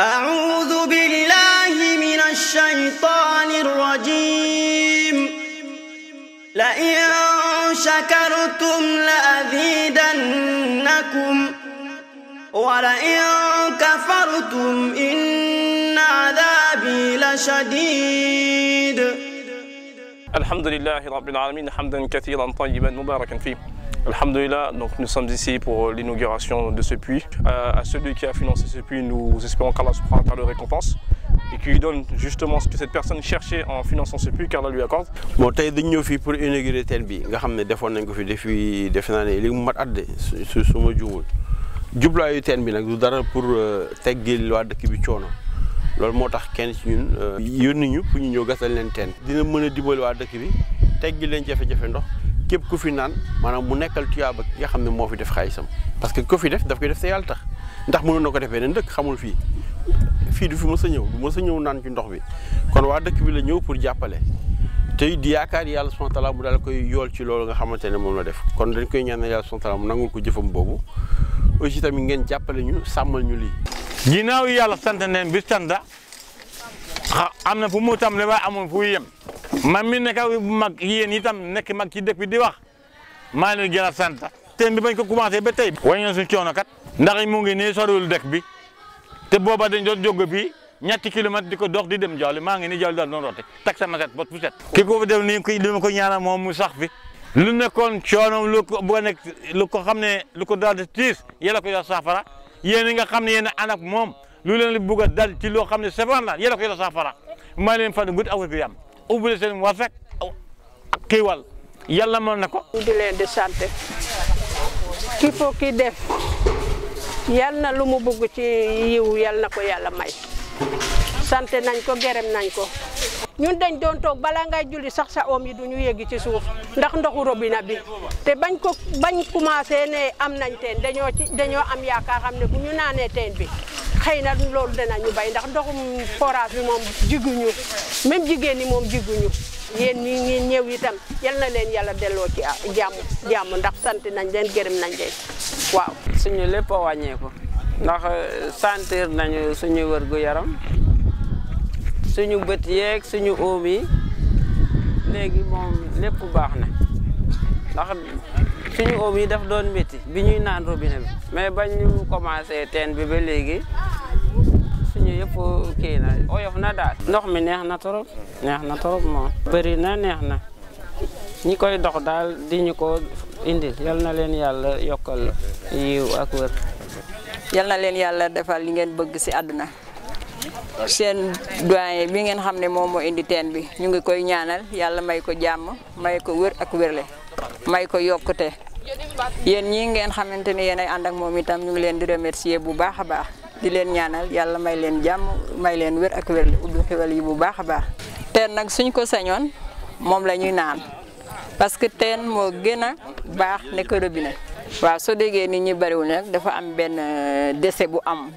أعوذ بالله من الشيطان الرجيم لئن شكرتم لأزيدنكم ولئن كفرتم إن عذابي لشديد الحمد لله رب العالمين حمدا كثيرا طيبا مباركا فيه Alhamdulillah, donc nous sommes ici pour l'inauguration de ce puits. Euh, à celui qui a financé ce puits, nous espérons qu'Allah subhanahu le récompense et qu'il lui donne justement ce que cette personne cherchait en finançant ce puits qu'Allah lui accorde. Bon, tey dañ ñëw fii pour inaugurer teen bi nga xam ne defoon nañ ko fi depuis defe naa ne li mu mat at de su su ma juumul jublaayu teen bi nag du dara pour euh, teggil waa dëkk bi coono loolu moo tax kenn ci ñun euh, yónni ñu pour ñu ñëw gasal leen teen. dina mën a dimbali waa dëkk bi teggil leen jafe-jafe ndox. képp ku fi naan maanaam mu nekkal tuyaaba nga xam ne moo fi def xaalisam parce que ko fi def daf koy def te yàlla tax ndax mënoon na ko defee beneen dëkk xamul fii fii du fi mës a ñëw du mës a ñëw naan ci ndox bi kon waa dëkk bi la ñëw pour jàppale te di yaakaar yàlla subhanahu wa taala mu daal koy yool ci loolu nga xamante ne moom la def kon dañ koy ñaan yàlla subhanahu wa mu nangul ko jëfam boobu aussi tamit ngeen jàppale ñu sàmmal ñu lii. ginnaaw yàlla sant neen bi sant am na fu mu tam man mi nekk mag yéen itam nekk mag ki dëkk bi di wax maa leen gën a sant te bi bañ ko commencé ba tey waññoon suñu coono kat ndax mu ngi nii soriwul dëkk bi te booba dañ doon jóg bi ñetti kilomètre di ko dox di dem Jawle maa ngi ni Jawle daal doon roote tak sama set bot fu set ki ko fi def nii ki li ma ko ñaanal moom mu sax fi lu nekkoon coono lu ko bu nekk lu ko xam ne lu ko daal di tiis yàlla ko yor saafara yéen nga xam ne yéen ànd moom lu leen bugg a dal ci loo xam ne safaan la yàlla ko saafara maa leen fan gudd aw bi yam ubbi seen war fekk xiiwal yàlla mën na ko. di leen di sant ki foo def yal na lu mu bugg ci yiw yal na ko yàlla may sante nañ ko gërëm nañ ko. ñun dañ doon toog balaa ngay julli sax sa oom yi du ñu yegg ci suuf ndax ndoxu robinet bi te bañ ko bañ commencé ne am nañ teen dañoo ci dañoo am yaakaar ne bu ñu naanee teen bi. xëy na loolu dana nañu bay ndax ndoxum forage bi moom jiguñu même jigéen ñi moom jiguñu yéen ñi ngi yal na leen yàlla delloo ci jàmm jàmm ndax santi nañ leen gërëm nañ waaw. suñu lépp a wàññeeku ndax euh, sentir nañu suñu wargu yaram suñu bët yeeg suñu oom yi léegi moom lépp baax na ndax suñu oom yi daf doon métti bi ñuy naan robinet bi mais bañ ñu commencé teen bi ba léegi yëpp kii na oyof na daal ndox mi neex na trop neex na trop moom bëri na neex na ñi koy dox daal di ñu ko indi yal na leen yàlla yokkal yiw ak wër yal na leen yàlla defal li ngeen bëgg ci àddina seen doyen bi ngeen xam ne moom moo indi teen bi ñu ngi koy ñaanal yàlla may ko jàmm may ko wër ak wérle may ko yokkute yéen ñii ngeen xamante ni yéen ay ànd moom itam ñu ngi leen di remercier bu baax a baax di leen ñaanal yàlla may leen jàmm may leen wér ak wér li ubbi xewal yi bu baax a baax teen nag suñ ko sañoon moom la ñuy naan parce que teen moo gën a baax ne ko robinet waaw soo déggee nit ñi bariwul nag dafa am benn euh, décès bu am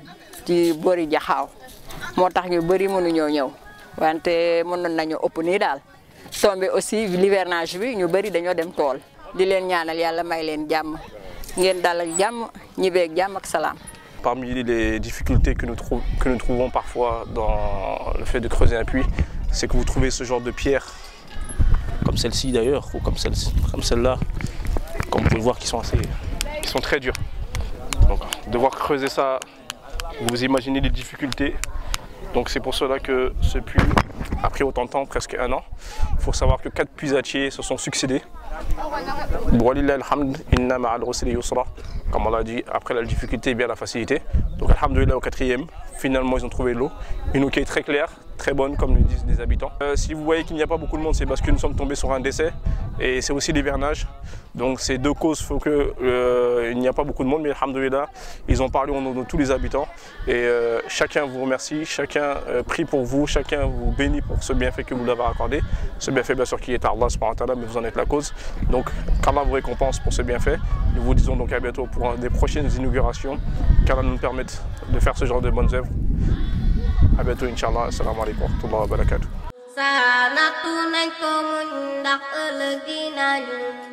ci boori jaxaw moo tax ñu bëri mënuñoo ñëw wante mënoon nañu ëpp nii daal tombé aussi livernage bi ñu bëri dañoo dem tool di leen ñaanal yàlla may leen jàmm ngeen dal ak jàmm ñibbeeg jàmm ak salaam Parmi les difficultés que nous, trouvons parfois dans le fait de creuser un puits, c'est que vous trouvez ce genre de pierre, comme celle-ci d'ailleurs, ou comme celle-là, comme, celle comme vous pouvez voir, qui sont, assez, sont très dures. Donc devoir creuser ça, vous imaginez les difficultés. Donc c'est pour cela que ce puits a pris autant de temps, presque un an. Il faut savoir que quatre puisatiers se sont succédés inna Comme on l'a dit, après la difficulté, bien la facilité. Donc, Alhamdulillah, au quatrième, finalement, ils ont trouvé l'eau. Une eau qui est très claire, très bonne, comme le disent les habitants. Euh, si vous voyez qu'il n'y a pas beaucoup de monde, c'est parce que nous sommes tombés sur un décès et c'est aussi l'hivernage. Donc ces deux causes font qu'il euh, n'y a pas beaucoup de monde, mais alhamdoulilah, ils ont parlé au nom de tous les habitants. Et euh, chacun vous remercie, chacun euh, prie pour vous, chacun vous bénit pour ce bienfait que vous l'avez accordé. Ce bienfait bien sûr qui est à Allah mais vous en êtes la cause. Donc qu'Allah vous récompense pour ce bienfait. Nous vous disons donc à bientôt pour des prochaines inaugurations, qu'Allah nous permette de faire ce genre de bonnes œuvres. A bientôt, Inch'Allah. Assalamu alaikum wa wa Sana tunay ko mundak ulog e ginayong